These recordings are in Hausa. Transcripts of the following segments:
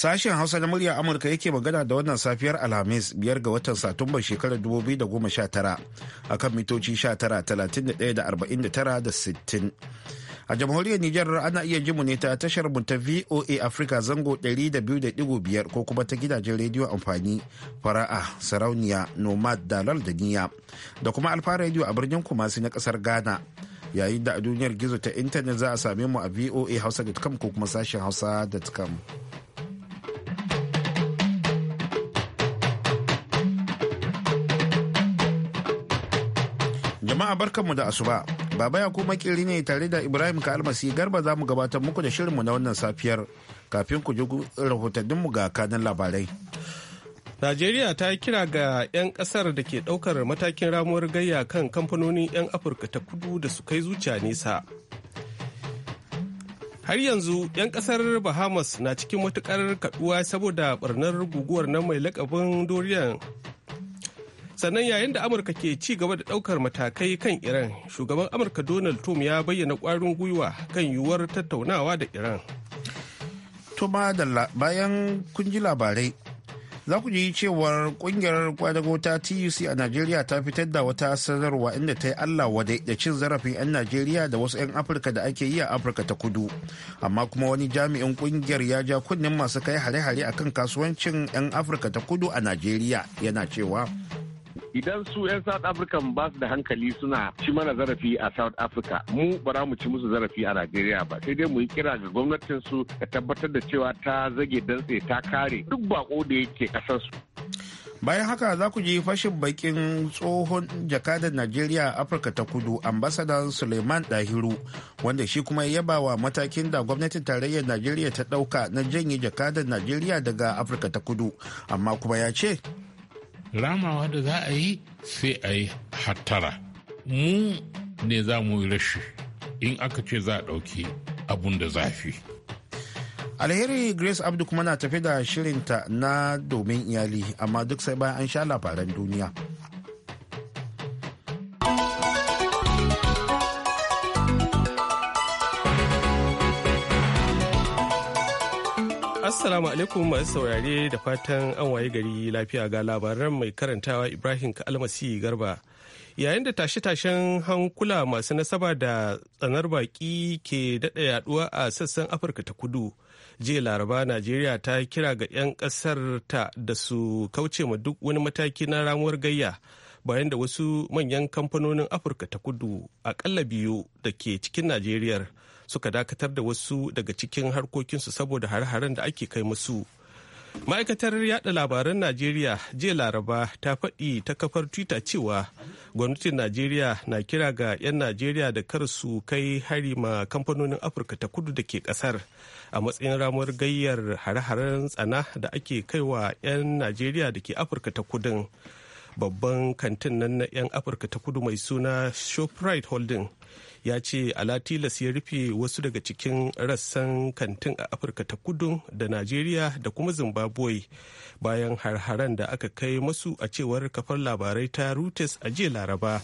Sashen Hausa na murya Amurka yake magana da wannan safiyar Alhamis biyar ga watan satumba shekarar 2019 kan mitoci 19,31 da 49 da 60. A jamhuriyar Nijar ana iya jimu ne ta tashar mu ta VOA Africa zango 200.5 ko kuma ta gidajen rediyo amfani fara'a sarauniya nomad dalar da niya da kuma alfa rediyo a birnin kumasi na kasar Ghana. Yayin da a duniyar gizo ta intanet za a same mu a voa hausa.com ko kuma sashen hausa.com. Jama'a barkanmu da asuba. Baba ya kuma kiri ne tare da Ibrahim ka almasi garba za mu gabatar muku da shirinmu na wannan safiyar kafin ku ji rahotanninmu ga kanan labarai. Najeriya ta yi kira ga 'yan kasar da ke ɗaukar matakin ramuwar gayya kan kamfanonin 'yan Afirka ta kudu da su kai zuciya nesa. har yanzu 'yan kasar bahamas na cikin matukar kaduwa saboda barnar guguwar na mai lakabin dorian sannan yayin da amurka ke ci gaba da daukar matakai kan iran shugaban amurka donald trump ya bayyana kwarin gwiwa kan yiwuwar tattaunawa da iran to bayan kun ji labarai za ku ji cewar kungiyar kwadago ta tuc a najeriya ta fitar da wata sanarwa inda ta yi allah wadai da cin zarafin 'yan najeriya da wasu 'yan afirka da ake yi a afirka ta kudu amma kuma wani jami'in kungiyar ya ja kunnen masu kai hare-hare akan kasuwancin 'yan afirka ta kudu a najeriya yana cewa idan su 'yan south africa ba su da hankali suna ci mana zarafi a south africa mu ba za mu ci musu zarafi a najeriya ba sai dai mu yi kira ga gwamnatin su ta tabbatar da cewa ta zage dantse ta kare duk bako da yake kasar su bayan haka za ku ji fashin bakin tsohon jakadar najeriya afirka ta kudu ambasadan suleiman dahiru wanda shi kuma ya yaba wa matakin da gwamnatin tarayyar najeriya ta ɗauka na janye jakadar najeriya daga afirka ta kudu amma kuma ya ce ramawa da za a yi sai a yi hattara mu ne za mu yi rashi in aka ce za a ɗauki abun da zafi alheri grace abdu kuma na tafi da shirinta na domin iyali amma duk sai bayan an sha labaran duniya. Assalamu alaikum masu saurare da fatan an waye gari lafiya ga labaran mai karantawa Ibrahim Kalmasi Garba. Yayin da tashe-tashen hankula masu nasaba da tsanar baƙi ke daɗa yaduwa a sassan Afirka ta kudu. Jiya Laraba Najeriya ta kira ga 'yan ƙasar ta da su kauce ma duk wani mataki na ramuwar gayya bayan da wasu manyan kamfanonin Afirka ta kudu akalla biyu da ke cikin Najeriyar. suka dakatar da wasu daga cikin harkokinsu saboda har haren da ake kai musu. ma'aikatar yada labaran najeriya jiya laraba ta faɗi ta kafar twitter cewa gwamnatin najeriya na kira ga 'yan najeriya da kar su kai hari ma kamfanonin afirka ta kudu da ke ƙasar a matsayin ramuwar gayyar hare-haren tsana da ake kaiwa 'yan najeriya da ke afirka ta kudun babban kantin nan na 'yan afirka ta kudu mai suna shoprite holding ya ce alatilas ya rufe wasu daga cikin rassan kantin a afirka ta kudu da najeriya da kuma zimbabwe bayan har da aka kai masu a cewar kafar labarai ta reuters a jiya laraba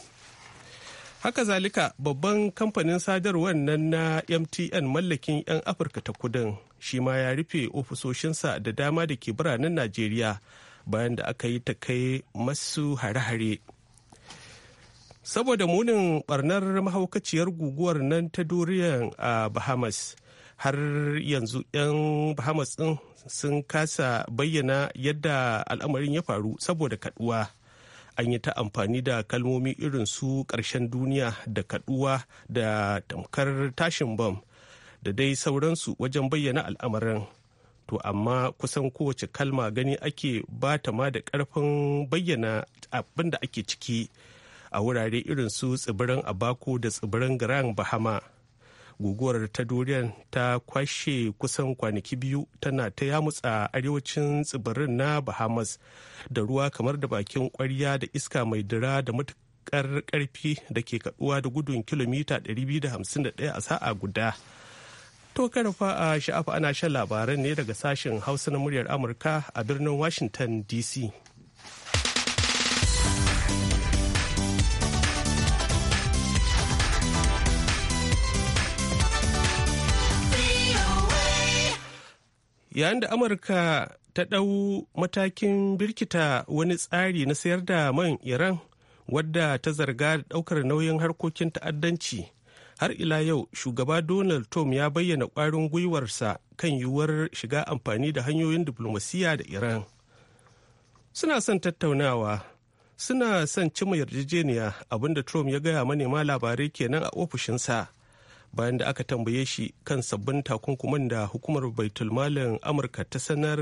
haka zalika babban kamfanin sadarwar nan na mtn mallakin 'yan afirka ta kudin shi ma ya rufe ofisoshinsa da dama da ke biranen najeriya bayan da aka yi ta kai masu hare-hare saboda munin barnar mahaukaciyar guguwar nan ta doriyan a bahamas har yanzu 'yan bahamas din sun kasa bayyana yadda al'amarin ya faru saboda kaduwa an yi ta amfani da kalmomi irin su ƙarshen duniya da kaduwa da tamkar tashin bam da dai sauransu wajen bayyana al'amarin to amma kusan kowace kalma gani ake ba ta ma da ƙarfin bayyana abinda ake ciki a wurare irin su tsibirin abako da tsibirin grand bahama guguwar ta dorian ta kwashe kusan kwanaki biyu tana ta yamutsa arewacin tsibirin na bahamas da ruwa kamar da bakin kwarya da iska mai dira da matukar karfi da ke kaduwa da gudun kilomita 251 a sa'a guda to karfa a sha'afa ana shan labaran ne daga sashen hausa na muryar amurka a birnin washington dc yayin da amurka ta ɗau matakin birkita wani tsari na sayar da man iran wadda ta zarga da ɗaukar nauyin harkokin ta'addanci har ila yau shugaba donald trump ya bayyana ƙwarin gwiwarsa kan yiwuwar shiga amfani da hanyoyin diflomasiyya da iran suna son tattaunawa suna son cima yarjejeniya abinda trump ya gaya manema labarai kenan a ofishinsa bayan da aka tambaye shi kan sabbin takunkuman da hukumar baitulmalin amurka ta sanar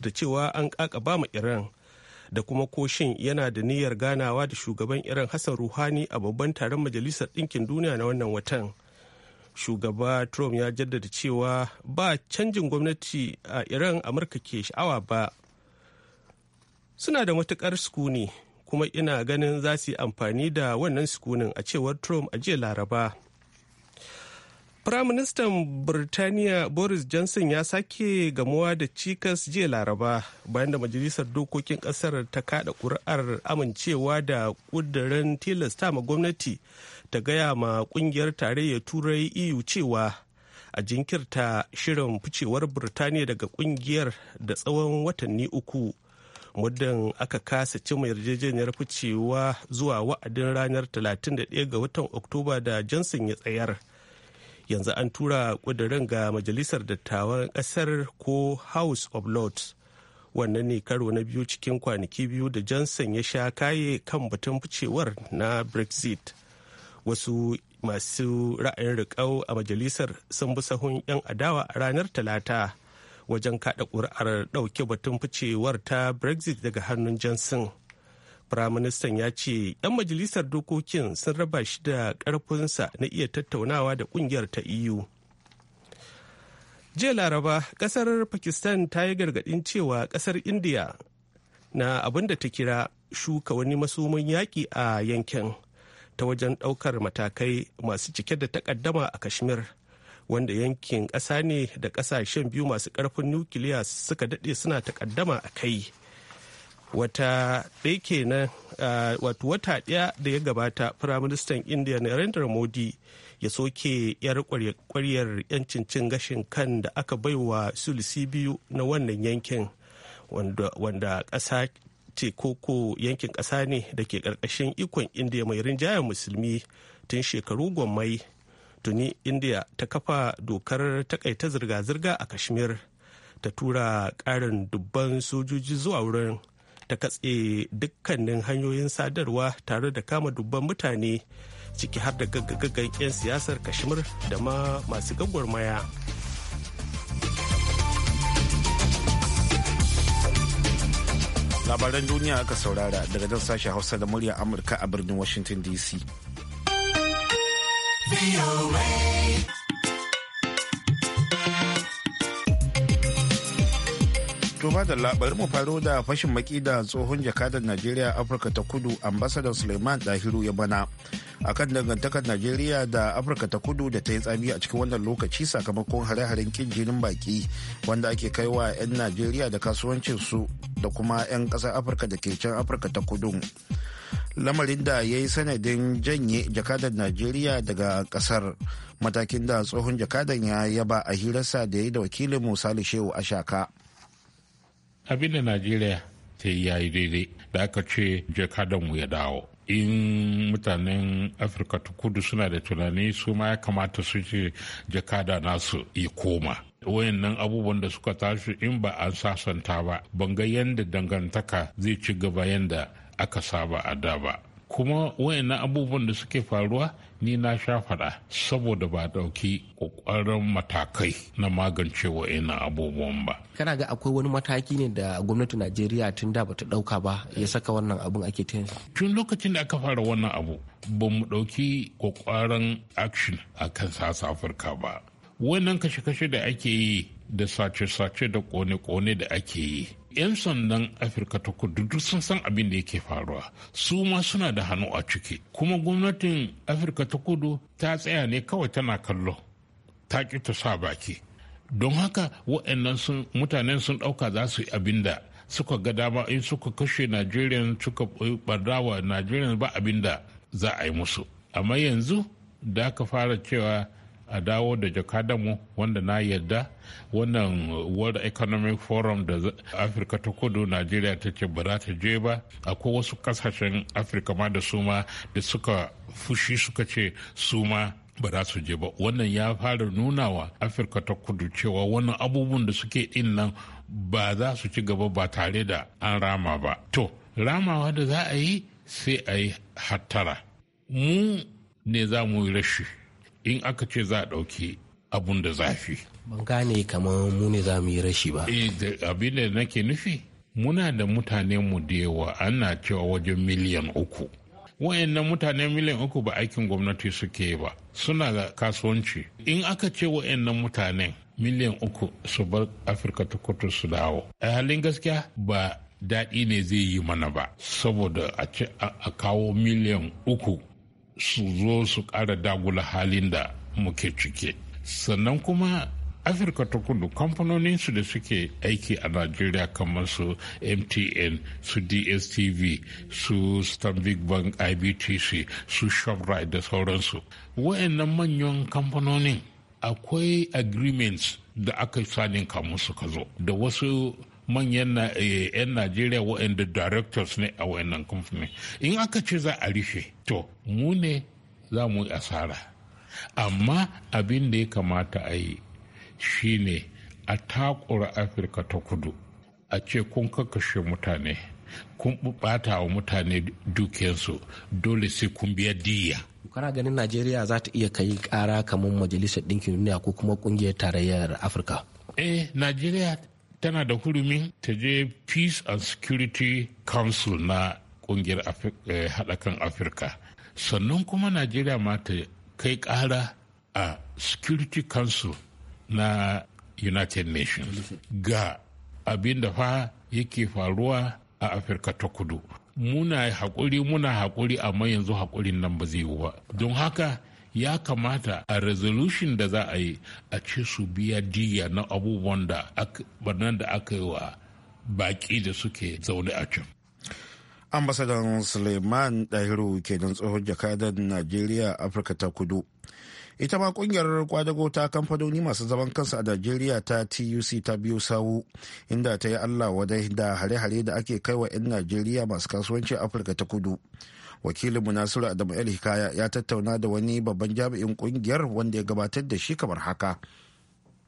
da cewa an kaka ma iran da kuma koshin yana da niyyar ganawa da shugaban iran hassan ruhani a babban taron majalisar ɗinkin duniya na wannan watan shugaba trump ya jaddada cewa ba canjin gwamnati a iran amurka ke sha'awa ba suna da matukar sukuni kuma ina ganin za su yi amfani da wannan sukunin a cewar trump a jiya laraba Firaministan Birtaniya Boris Johnson ya sake gamuwa da cikas jiya Laraba bayan da Majalisar Dokokin Ƙasar ta kada ƙuri'ar amincewa da ƙudurin tilasta ma gwamnati ta gaya ma ƙungiyar tarayyar Turai EU cewa a jinkirta shirin ficewar Birtaniya daga ƙungiyar da tsawon watanni uku. muddin aka kasa cimma yarjejeniyar ficewa zuwa wa'adin ranar 31 ga watan Oktoba da Johnson ya tsayar. yanzu an tura kudirin ga majalisar dattawan kasar ko house of lords wannan ne karo na biyu cikin kwanaki biyu da johnson ya sha kaye kan batun ficewar na brexit wasu masu ra'ayin riƙau a majalisar sun bi sahun 'yan adawa a ranar talata wajen kada ƙuri'ar ɗauke batun ficewar ta brexit daga hannun johnson Firaministan ya ce 'yan majalisar dokokin sun raba shi da ƙarfinsa na iya tattaunawa da ƙungiyar ta EU. Jiya Laraba, ƙasar Pakistan ta yi gargaɗin cewa ƙasar India na abin da ta kira shuka wani masomin yaƙi a yankin ta wajen ɗaukar matakai masu cike da takaddama a Kashmir. wanda yankin ƙasa ne da ƙasashen biyu masu ƙarfin nukiliya suka daɗe suna takaddama a kai wata ɗaya kenan wato wata ɗaya da ya gabata firaministan indiya narendra modi ya soke yar kwaryar yancin cin gashin kan da aka baiwa sulisi biyu na wannan yankin wanda ƙasa ce koko yankin ƙasa ne da ke ƙarƙashin ikon indiya mai rinjayen musulmi tun shekaru gwammai tuni indiya ta kafa dokar takaita zirga-zirga a kashmir ta tura ƙarin dubban sojoji zuwa wurin ta katse dukkanin hanyoyin sadarwa tare da kama dubban mutane ciki har da gaggagaggan 'yan siyasar kashmir da ma masu gagwarmaya. labaran duniya aka saurara daga nan sashen hausa da murya amurka a birnin washington dc To da labarin mu faro da fashin maki da tsohon jakadar Najeriya Afirka ta Kudu ambasadar Suleiman Dahiru ya bana akan dangantakar Najeriya da Afirka ta Kudu da ta yi tsami a cikin wannan lokaci sakamakon hare-haren kin jinin baki wanda ake kaiwa 'yan Najeriya da kasuwancin su da kuma 'yan ƙasar Afirka da ke can Afirka ta Kudu. Lamarin da ya yi sanadin janye jakadar Najeriya daga kasar matakin da tsohon jakadan ya yaba a hirarsa da ya yi da wakilin Musa Shehu Ashaka. abin da najeriya ta yi yayi daidai da aka ce mu ya dawo in mutanen afirka ta kudu suna da tunani su ma ya kamata su ce jakada nasu ya koma wayannan abubuwan da suka tashi in ba an sasanta ba ban ga yadda dangantaka zai ci gaba yadda aka saba a da ba kuma wayannan abubuwan da suke faruwa ni na sha faɗa saboda ba ɗauki ƙoƙarin matakai na magance ina abubuwan ba. kana ga akwai wani mataki ne da gwamnati najeriya tun da bata ɗauka ba ya saka wannan abun ake ta tun lokacin da aka fara wannan abu ba mu ɗauki ƙoƙarin action a kan afirka afirka ba wannan kashe-kashe da ake yi da sace-sace da kone-kone da ake yi 'yan sandan afirka ta kudu duk sun san abin da yake faruwa su ma suna da hannu a ciki kuma gwamnatin afirka ta kudu ta tsaya ne kawai tana kallo ta ki ta sa baki don haka waɗannan mutanen sun ɗauka za su yi abin da suka ga dama in suka kashe najeriya suka wa najeriya ba abin da za a yi musu amma yanzu da aka fara cewa a dawo da mu wanda na yarda wannan world economic forum da afirka ta kudu najeriya ta ce ba za ta je ba akwai wasu kasashen afirka ma da suma da suka fushi suka ce suma ba za su je ba wannan ya fara nunawa afirka ta kudu cewa wannan abubuwan da suke din nan ba za su ci gaba ba tare da an rama ba to ramawa da za a yi sai a yi hattara mu ne za mu yi rashi in aka ce za a ɗauki abun da zafi. Ban gane kamar mu ne za mu yi rashi ba. Eh abin da nake nufi muna da mutane mu da yawa ana cewa wajen miliyan uku. Wayannan mutane miliyan uku ba aikin gwamnati suke ba suna da kasuwanci. In aka ce wayannan mutane miliyan uku su bar Afirka ta kudu su dawo. A halin gaskiya ba daɗi ne zai yi mana ba saboda a a kawo miliyan uku su zo su ƙara dagula halin da muke cike sannan kuma afirka ta kudu kamfanoninsu da suke aiki a najeriya kamar su mtn su dstv su stanbic bank ibtc su shoprite da sauransu wayannan manyan kamfanonin akwai agreements da aka sanin kamun suka zo da wasu manyan eh, 'yan najeriya waɗanda directors ne a wayannan kamfani in aka ce za a rufe to mu ne za mu yi asara amma abin da ya kamata a yi shi ne a takura afirka ta kudu a ce kun kakashe mutane kun bata wa mutane dukiyarsu dole sai kun biya diya kana ganin najeriya za ta iya kai kara kamar majalisar ɗinkin duniya ko kuma ƙungiyar tarayyar afirka eh najeriya tana da hurumi ta je peace and security council na kungiyar eh, haɗa kan afirka sannan kuma najeriya ma ta kai ƙara a security council na united nations ga abin da fa yake faruwa a afirka ta kudu muna haƙuri muna haƙuri amma yanzu haƙurin nan ba zai yi ba don haka ya kamata a resolution da za a yi a ce su biya diya na abubuwan da barnan da aka yi wa baki da suke zaune a can. ambasadan suleiman ɗahiru kenan tsohon jakadan najeriya afirka ta kudu ita ma kungiyar kwadago ta kamfanoni masu zaman kansu a najeriya ta tuc ta biyu sawu inda ta yi allah wadai da hare-hare da ake kaiwa 'yan najeriya masu kasuwanci afirka ta kudu wakilin nasiru adamu el hikaya ya tattauna da wani babban jami'in kungiyar wanda ya gabatar da shi kamar haka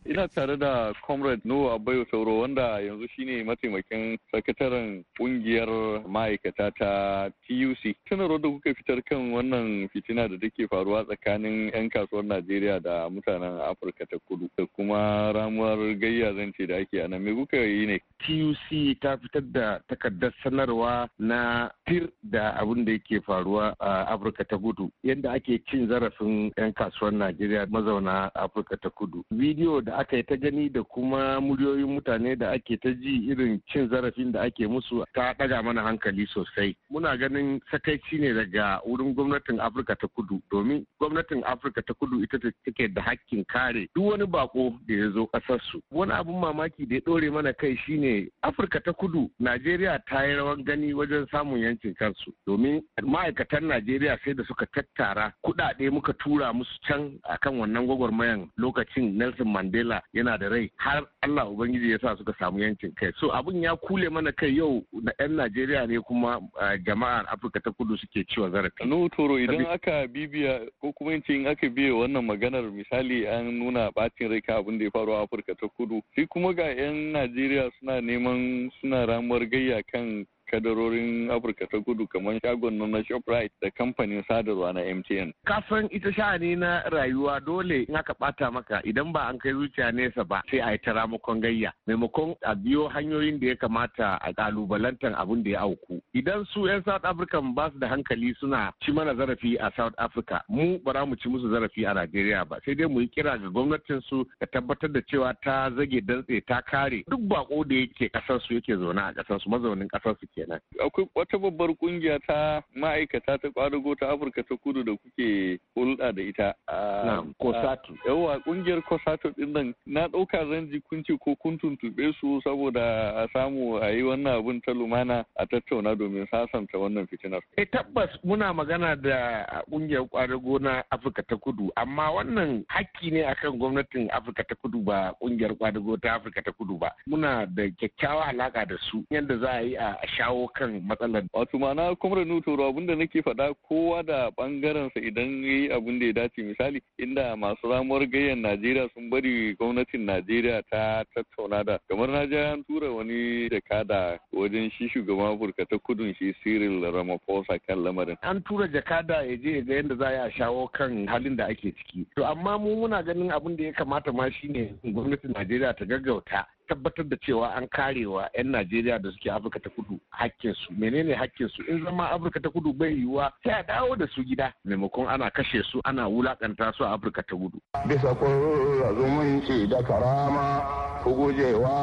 ina tare da comrade no abayo sauro wanda yanzu shine mataimakin sakataren kungiyar ma'aikata ta tuc sanarwar da kuka fitar kan wannan fitina da take faruwa tsakanin 'yan kasuwar najeriya da mutanen afirka ta kudu da kuma ramuwar gayya zance da ake anan me kuka yi ne tuc ta fitar da takardar sanarwa na tir da abin da yake faruwa a afirka ta kudu yadda ake cin zarafin 'yan kasuwar najeriya mazauna afirka ta kudu bidiyo da aka yi ta gani da kuma muryoyin mutane da ake ta ji irin cin zarafin da ake musu ta ɗaga mana hankali sosai muna ganin sakaici ne daga wurin gwamnatin afirka ta kudu domin gwamnatin afirka ta kudu ita take da hakkin kare duk wani bako da ya zo ƙasarsu wani abin mamaki da ya ɗore mana kai shine afirka ta kudu najeriya ta yi rawan gani wajen samun yancin kansu domin ma'aikatan najeriya sai da suka tattara kudade muka tura musu can akan wannan gwagwarmayan lokacin nelson mandela yana da rai har allah ubangiji ya sa suka samu yancin kai so abin ya kule mana kai yau na 'yan najeriya ne kuma jama'a afirka ta kudu suke ciwa zarafi no toro idan aka bibiya ko kuma in aka biya wannan maganar misali an nuna bacin rai ka abin da ya faru a afirka ta kudu sai kuma ga 'yan najeriya suna neman suna ramuwar gayya kan kadarorin Afirka ta kudu kamar shagon na Shoprite da kamfanin sadarwa na MTN. Kasan ita sha'ani na rayuwa dole in aka bata maka idan ba an kai zuciya nesa ba sai a yi ta ramakon gayya maimakon a biyo hanyoyin da ya kamata a kalubalantar abin da ya auku. Idan su 'yan South Africa ba su da hankali suna ci mana zarafi a South Africa mu ba za mu ci musu zarafi a Najeriya ba sai dai mu yi kira ga gwamnatin su da tabbatar da cewa ta zage dantse ta kare duk bako da yake kasar su yake zaune a kasar su mazaunin kasar su ke kenan akwai wata babbar kungiya ta ma'aikata ta kwadago ta afirka ta kudu da kuke hulɗa da ita a kosatu Yawwa kungiyar kosatu din nan na ɗauka zan ji kun ko kun tuntuɓe su saboda a samu a yi wannan abin ta lumana a tattauna domin sasanta wannan fitinar e tabbas muna magana da kungiyar kwadago na afirka ta kudu amma wannan hakki ne akan gwamnatin afirka ta kudu ba kungiyar kwadago ta afirka ta kudu ba muna da kyakkyawa alaka da su yadda za a yi a shawo shawo kan matsalar wato ma'ana kuma nutoro abin da nake faɗa kowa da bangaren sa idan yayi abin da ya dace misali inda masu ramuwar gayyar Najeriya sun bari gwamnatin Najeriya ta tattauna da kamar na ji an tura wani jakada wajen shi shugaban Afirka ta kudun shi Cyril Ramaphosa kan lamarin an tura jakada ya je ga yadda za a shawo kan halin da ake ciki to amma mu muna ganin abin da ya kamata ma shine gwamnatin Najeriya ta gaggauta tabbatar da cewa an karewa 'yan Najeriya da suke Afirka ta kudu hakkinsu menene hakkinsu in zama Afirka ta kudu bai yiwuwa sai a dawo da su gida maimakon ana kashe su ana wulakanta su a Afirka ta kudu. Bisa kurra zumunci da karama ku gujewa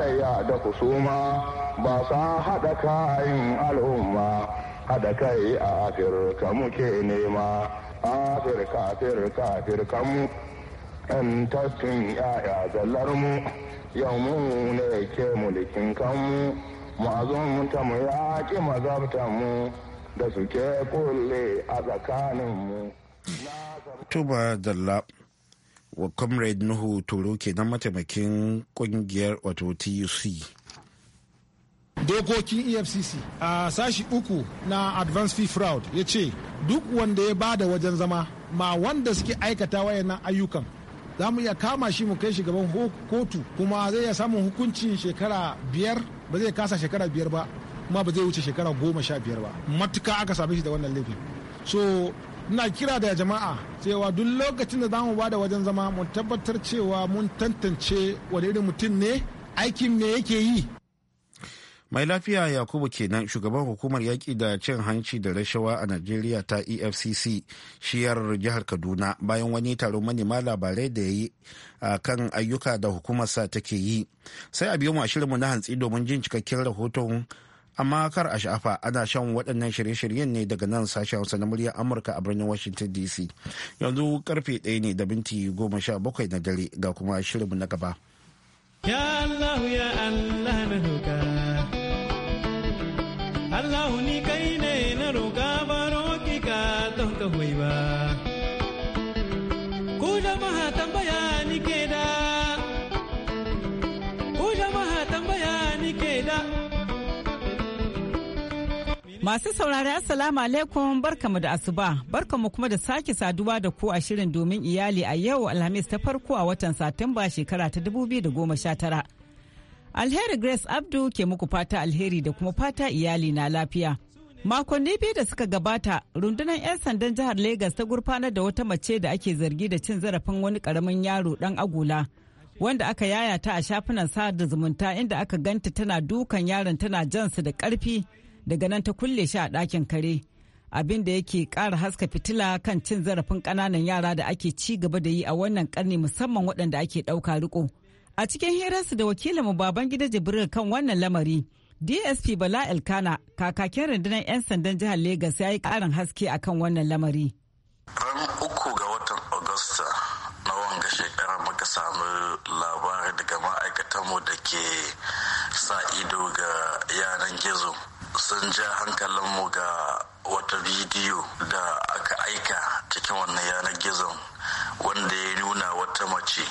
raya da kusuma ba sa haɗa kayan al'umma haɗa kai a Afirka muke nema Afirka Afirka Afirka mu 'yan tattun 'ya'ya zallar mu yau mu ne ke mulkin kanmu mu ta mu yaƙi mazabtanmu da suke kulle a tsakaninmu. Tuba Dalla wa Comrade Nuhu ke nan mataimakin kungiyar wato TUC. Dokokin EFCC a sashi uku na Advanced Fee Fraud ya ce duk wanda ya bada wajen zama ma wanda suke aikata wayannan ayyukan za mu iya kama shi mu kai shi gaban kotu kuma zai iya samun hukuncin shekara biyar ba zai kasa shekara biyar ba kuma ba zai wuce shekara goma sha biyar ba matuka aka same shi da wannan laifin so ina kira da jama'a cewa duk lokacin da za zamu bada wajen zama mu tabbatar cewa mun tantance wani irin mutum ne aikin me yake yi mai lafiya yakubu kenan shugaban hukumar yaƙi da cin hanci da rashawa a najeriya ta efcc shiyar jihar kaduna bayan wani taron manema labarai da ya yi a kan ayyuka da hukumarsa take yi sai a biyo mu na hantsi domin jin cikakken rahoton amma kar a sha'afa ana shan waɗannan shirye-shiryen ne daga nan sashen hausa na muryar amurka a birnin washington dc yanzu karfe ɗaya ne da minti goma sha bakwai na dare ga kuma shirinmu na gaba ya allah ya allah na Allah ni kai ne na roƙa baro ki ka don ka ba. Ku jama'a tambaya ni ke da, ku jama'a tambaya ni ke da. Masu saurari Assalamu alaikum barkamu da asuba, barkamu kuma da sake saduwa da ku a shirin domin iyali a yau Alhamis ta farko a watan Satumba shekara ta 2019. Alheri Grace Abdu ke muku fata alheri da kuma fata iyali na lafiya. Makonni biyu da suka gabata, rundunar 'yan sandan jihar Legas ta gurfanar da wata mace da ake zargi da cin zarafin wani karamin yaro dan agula, wanda aka yaya ta a shafinan sada zumunta inda aka ganta tana dukan yaron tana jansu da karfi daga nan ta kulle shi a dakin kare. Abin da yake kara haska fitila kan cin zarafin kananan yara da ake ci gaba da yi a wannan karni musamman waɗanda ake ɗauka riko. A cikin hirarsu da wakilin mu baban Babangida Jibril kan wannan lamari, DSP Bala Elkana kakakin rundunar 'yan sandan jihar Legas ya yi karin haske akan wannan lamari. Ran uku ga watan Agusta na wanga shekara muka samu labari daga ma'aikatanmu da ke sa ido ga yanan gizo sun ja hankalin mu ga wata bidiyo da aka aika cikin wannan yanar gizon wanda ya nuna wata mace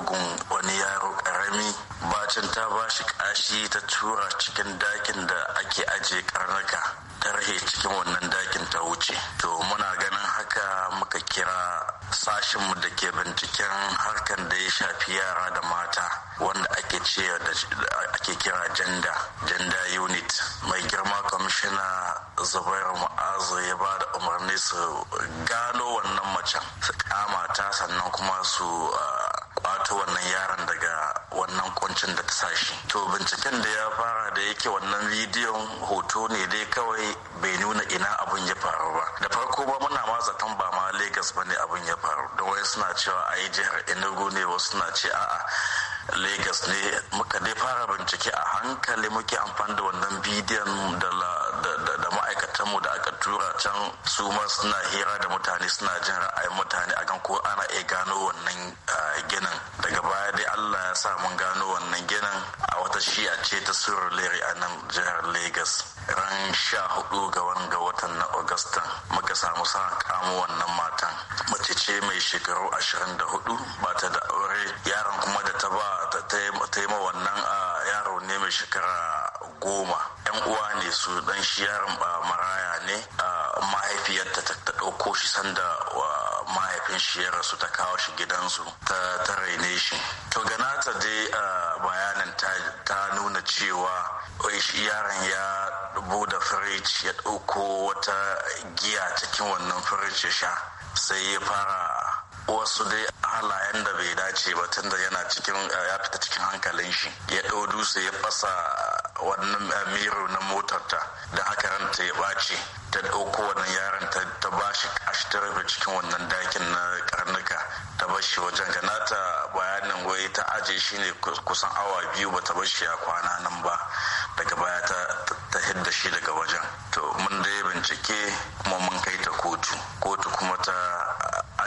bugun wani yaro karami bacin ta ba shi kashi ta tura cikin dakin da ake aje karnaka ta rahe cikin wannan dakin ta wuce to muna ganin haka muka kira sashenmu da ke binciken harkar da ya shafi yara da mata wanda ake ce ake kira janda janda unit mai girma kwamishina zubairu ma'azu ya ba da umarni su gano wannan macen su kama ta sannan kuma su ah, bata wannan yaran daga wannan kuncin da ta sa shi to binciken da ya fara da yake wannan bidiyon hoto ne dai kawai bai nuna ina abun ya faru ba da farko ba muna ma zaton ba ma lagos ba ne abun ya faru da wai suna cewa a yi jihar enugu ne wasu suna ce a'a lagos ne muka dai fara bincike a hankali muke amfani da wannan bidiyon da ma'aikatanmu da aka tura can su ma suna hira da mutane suna jin ra'ayin mutane a kan ko ana iya gano wannan ginin daga baya dai allah ya sa mun gano wannan ginin a wata shi'a ce ta surulere a nan jihar Legas. ran sha hudu ga wanga watan na augustan muka samu sa kamo wannan matan mace ce mai shekaru ashirin da hudu ba ta da aure yaron kuma da ta ba ta yi ma wannan a yaro ne mai shekara goma yan uwa ne su dan shi yaron ba maraya ne mahaifiyarta ta ɗauko shi sanda wa mahaifin shi ya rasu ta kawo shi gidansu ta ta raine shi to ganata dai bayanin ta nuna cewa yaron ya buda firij ya ɗauko wata giya cikin wannan firij ya sha sai ya fara wasu dai halayen da bai dace ba tunda yana cikin ya fita cikin hankalin shi ya ɗau dutse ya fasa wannan miro na motarta, da haka ranta ya ɓace ta ɗauko wannan yaron ta ba shi kashi ta rufe cikin wannan dakin na karnuka ta bar shi wajen ganata bayanin wai ta aje shi ne kusan awa biyu ba ta bar shi a kwana nan ba daga baya ta hidda shi daga wajen to mun dai bincike kuma mun kai ta kotu kotu kuma ta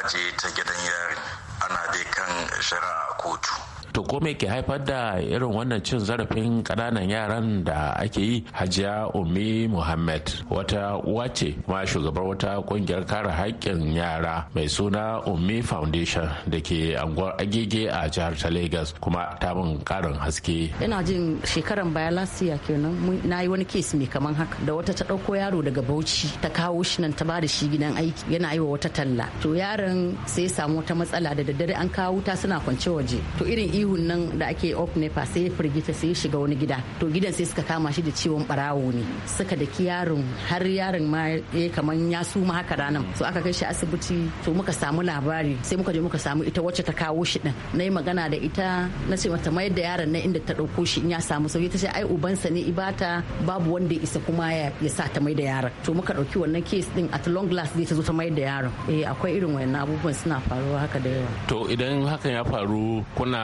aje ta gidan yari ana dai kan shari'a kotu to ko me ke haifar da irin wannan cin zarafin kananan yaran da ake yi hajiya umi muhammad wata uwa ce kuma shugabar wata ƙungiyar kare haƙƙin yara mai suna umi foundation da ke anguwar agege a jihar ta lagos kuma ta min ƙarin haske ina jin shekaran baya lasiya kenan na yi wani kes mai kaman haka da wata ta ɗauko yaro daga bauchi ta kawo shi nan ta da shi gidan aiki yana yi wa wata talla to yaron sai ya samu wata matsala da daddare an kawo ta suna kwance waje to irin ihun nan da ake op ne fa sai ya firgita sai ya shiga wani gida to gidan sai suka kama shi da ciwon barawo ne suka daki yaron har yaron ma ya kaman ya suma haka ranan so aka kai shi asibiti to muka samu labari sai muka je muka samu ita wacce ta kawo shi din na yi magana da ita na ce mata mayar da yaron na inda ta ɗauko shi in ya samu sauki ta ce ai ubansa ne ibata babu wanda ya isa kuma ya sa ta mai da yaron to muka ɗauki wannan kes din at long last zai ta zo ta mai da yaron eh akwai irin wannan abubuwan suna faruwa haka da yawa to idan hakan ya faru kuna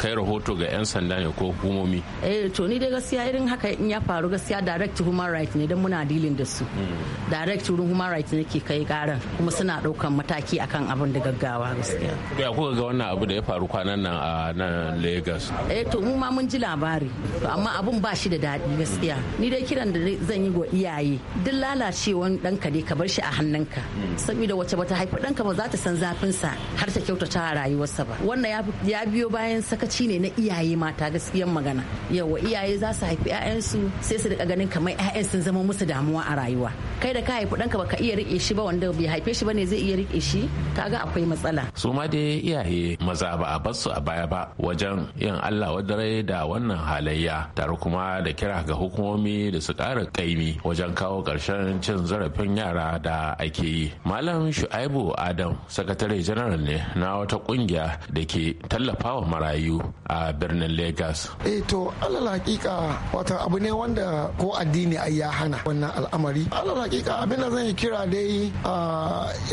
kai rahoto ga 'yan sanda ne ko hukumomi eh to ni dai gaskiya irin haka in ya faru gaskiya direct human right ne don muna dilin da su hmm. direct wurin human right ne ke kai karan kuma suna daukan mataki akan abin da gaggawa gaskiya ko ya kuka ga wannan abu da ya faru kwanan nan a nan Lagos eh to mu ma mun ji labari to amma abun ba shi da daɗi gaskiya ni dai kiran da zan yi ga iyaye duk lalacewan ɗanka ne ka bar shi a hannunka hmm. saboda wace bata haifi ɗanka ba za ta san sa har ta kyautata rayuwarsa ba wannan ya biyo bayan bayan sakaci ne na iyaye mata gaskiyan magana yawa iyaye za su haifi 'ya'yansu sai su rika ganin kamar 'ya'yan sun zama musu damuwa a rayuwa kai da ka haifi ɗanka baka iya rike shi ba wanda bai haife shi ba ne zai iya rike shi ka ga akwai matsala su ma dai iyaye maza ba a bar su a baya ba wajen yin Allah wadare da wannan halayya tare kuma da kira ga hukumomi da su ƙara kaimi wajen kawo ƙarshen cin zarafin yara da ake yi malam shu'aibu adam sakatare janaral ne na wata ƙungiya da ke tallafawa marayu a birnin Legas. Eh to alal hakika wata abu ne wanda ko addini ai ya hana wannan al'amari. Alal hakika abin da zan yi kira dai a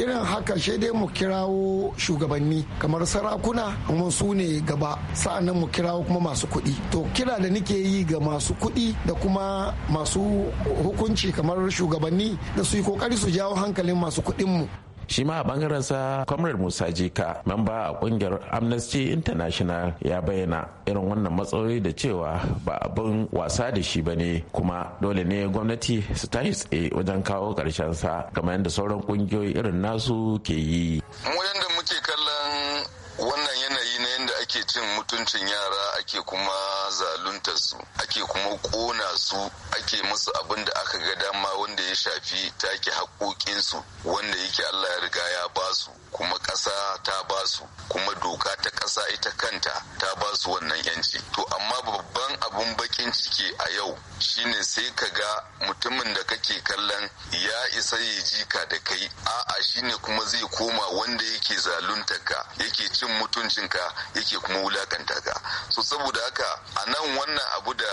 irin haka shi dai mu kirawo shugabanni kamar sarakuna kuma su ne gaba sa'annan mu kirawo kuma masu kuɗi. To kira da nake yi ga masu kuɗi da kuma masu hukunci kamar shugabanni da su yi kokari su jawo hankalin masu kuɗin mu. shi ma a bangaren sa comrade musa jika memba a kungiyar amnesty international ya bayyana irin wannan matsaloli da cewa ba abin wasa da shi ba ne kuma dole ne gwamnati su tashi tsaye wajen kawo karshen sa kamar yadda sauran kungiyoyi irin nasu ke yi ake cin mutuncin yara ake kuma zaluntar su ake kuma kona su ake musu abin da aka ga dama wanda ya shafi take haƙoƙinsu wanda yake Allah ya riga ya ba su kuma ƙasa ta ba su kuma doka ta ƙasa ita kanta ta ba su wannan yanci to amma babban abun bakin ciki a yau shine sai ka ga mutumin da kake kallon ya isa ya jika da kai a'a shine kuma zai koma wanda yake zaluntar ka yake cin mutuncinka yake kuma wulakanta ka so saboda haka a nan wannan abu da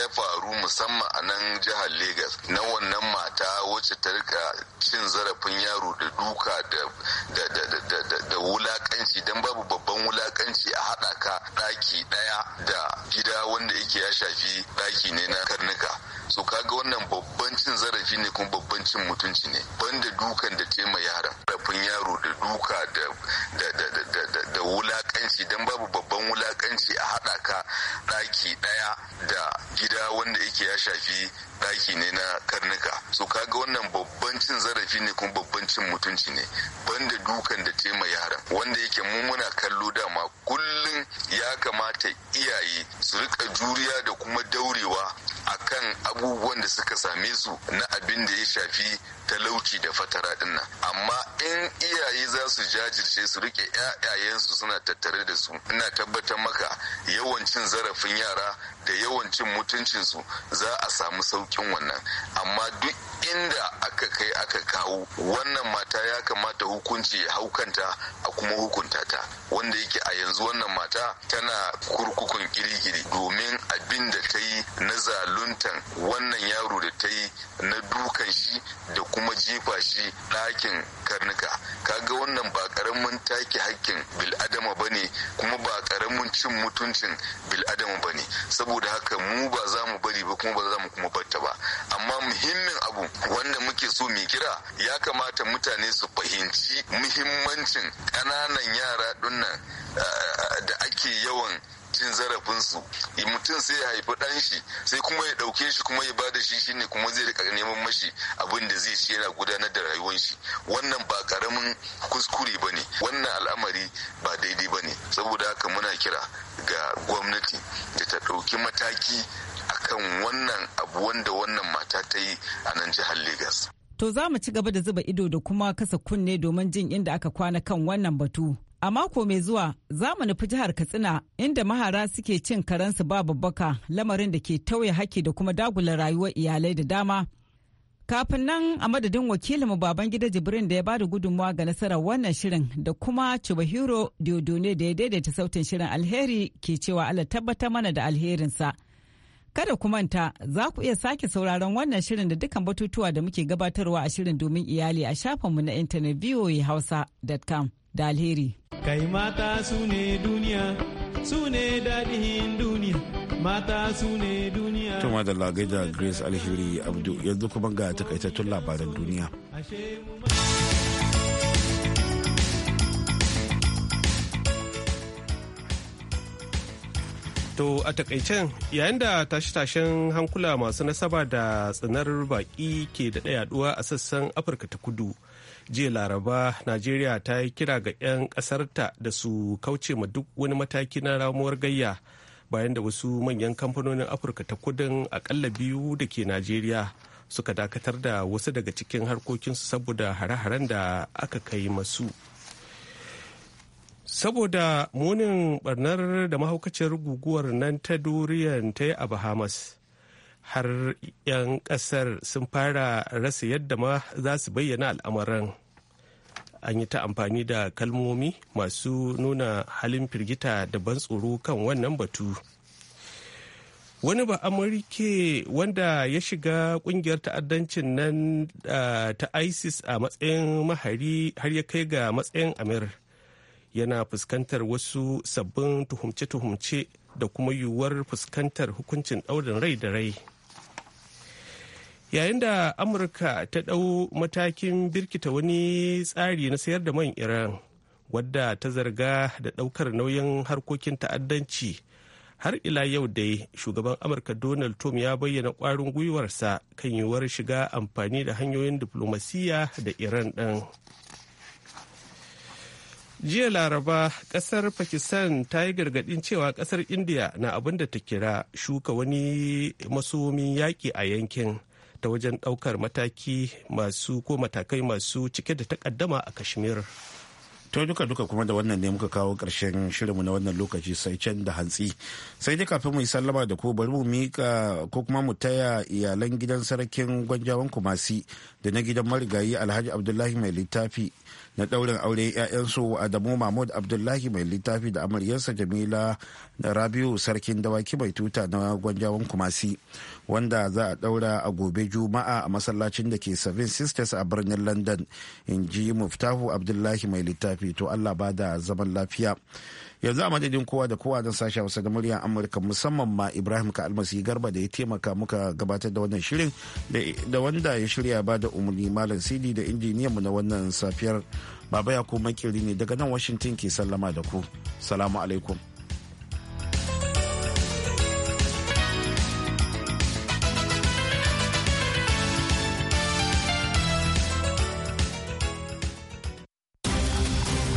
ya faru musamman a nan jihar Legas na wannan mata wacce ta rika cin zarafin yaro da duka da da wulakanci dan babu babban wulakanci a haɗa ka ɗaki ɗaya da gida wanda yake ya shafi ɗaki ne na karnuka so kaga wannan babban cin zarafi ne kuma babban cin mutunci ne banda dukan da tema yaran rafin yaro da duka da wulakanci don babu babban wulakanci a haɗa ka ɗaki ɗaya da gida wanda yake ya shafi ɗaki ne na karnuka so kaga wannan babban cin zarafi ne kuma babban cin mutunci ne banda dukan da tema yaran wanda yake mu muna kallo dama kullum ya kamata iyaye su rika juriya da kuma daurewa akan abubuwan da suka same su na abin da ya shafi talauci da fatara dinnan amma in iyaye za su jajirce su rike 'ya'yayensu suna tattare da su ina tabbatar maka yawan cin zarafin yara da yawan mutuncinsu za a samu saukin wannan amma duk inda aka kai aka kawo wannan mata ya kamata hukunci ya haukanta a kuma hukunta ta wanda yake a yanzu wannan mata tana kurkukun kirikiri domin abin da ta yi na zaluntan wannan yaro da ta yi na dukan shi da kuma jefa shi ɗakin karnuka kaga wannan ba karamin take hakkin bil'adama ba ne kuma ba karamin cin mutuncin bil'adama ba ne saboda haka mu ba za mu bari ba kuma ba za mu kuma batta ba amma muhimmin abu wanda muke so mu kira ya kamata mutane su fahimci muhimmancin ƙananan yara dinnan eh, da ake yawan zarafin zarafinsu mutum sai ya haifi ɗan shi sai kuma ya ɗauke shi kuma ya bada shi shine kuma zai rika neman mashi abin da zai shi yana gudanar da rayuwar shi wannan ba karamin kuskure ba ne wannan al'amari ba daidai ba ne saboda haka muna kira ga gwamnati da ta ɗauki mataki akan wannan abu wanda wannan mata ta yi a nan jihar Legas. To za mu ci gaba da zuba ido da kuma kasa kunne domin jin inda aka kwana kan wannan batu. A mako mai zuwa za mu nufi jihar Katsina inda mahara suke cin karensu ba babbaka lamarin da ke tauye haki da kuma dagula rayuwar iyalai da dama. Kafin nan a madadin wakilinmu baban gida Jibrin da ya ba da gudunmawa ga nasarar wannan shirin da kuma Chubahiro Diodone da ya daidaita sautin shirin alheri ke cewa Allah tabbatar mana da alherinsa. Kada ku manta za ku iya sake sauraron wannan shirin da dukkan batutuwa da muke gabatarwa a shirin domin iyali a shafinmu na intanet voahausa.com. da alheri. Kai mata su ne duniya, su ne daɗin duniya, mata su ne duniya. Tuma da da Grace Alheri Abdu yanzu kuma ga takaitattun labaran duniya. To a takaicen yayin da tashe-tashen hankula masu nasaba da tsinar baƙi ke da yaduwa a sassan Afirka ta kudu. jiya laraba najeriya ta yi kira ga 'yan ƙasarta da su kauce ma duk wani mataki na ramuwar gayya bayan da wasu manyan kamfanonin afirka ta kudin akalla biyu da ke najeriya suka dakatar da wasu daga cikin harkokinsu saboda hare-haren da aka kai masu saboda munin barnar da mahaukaciyar guguwar nan ta duriyan ta yi a bahamas har 'yan kasar sun fara rasa yadda ma za su bayyana al'amuran an yi ta amfani da kalmomi masu nuna halin firgita da ban tsoro kan wannan batu wani ba amurke wanda ya shiga kungiyar ta'addancin nan ta isis a matsayin mahari har ya kai ga matsayin amir yana fuskantar wasu sabbin tuhumce-tuhumce da kuma yiwuwar fuskantar hukuncin ɗaurin rai da rai yayin da amurka ta ɗau matakin birkita wani tsari na sayar da man iran wadda ta zarga da ɗaukar nauyin harkokin ta'addanci har ila yau dai shugaban amurka donald trump ya bayyana kwarin gwiwarsa kan yiwuwar shiga amfani da hanyoyin diflomasiyya da iran ɗin jiya laraba ƙasar pakistan ta yi gargadin cewa ƙasar india na abin da ta kira shuka wani masomin yaƙi a yankin ta wajen ɗaukar mataki masu ko matakai masu cike da takaddama a kashmir to duka duka kuma da wannan ne muka kawo ƙarshen shirinmu na wannan lokaci sai can da hantsi sai dai kafin mu yi sallama da ku bari mu mika ko kuma mu taya iyalan gidan sarkin gwanjawan kumasi da na gidan marigayi alhaji abdullahi mai littafi na daurin aure 'ya'yansu adamu mahmud abdullahi mai littafi da amaryarsa jamila da rabiu sarkin dawaki mai tuta na gwanjawan kumasi wanda za a daura a gobe juma'a a masallacin da ke seven sisters a birnin london in ji muftahu abdullahi mai littafi lissafi to allah ba da zaman lafiya yanzu a madadin kowa da kowa don sashen hausa da muryar amurka musamman ma ibrahim ka almasi garba da ya taimaka muka gabatar da wannan shirin da wanda ya shirya ba da umarni malam sidi da injiniyan mu na wannan safiyar baba ya ko makiri ne daga nan washington ke sallama da ku salamu alaikum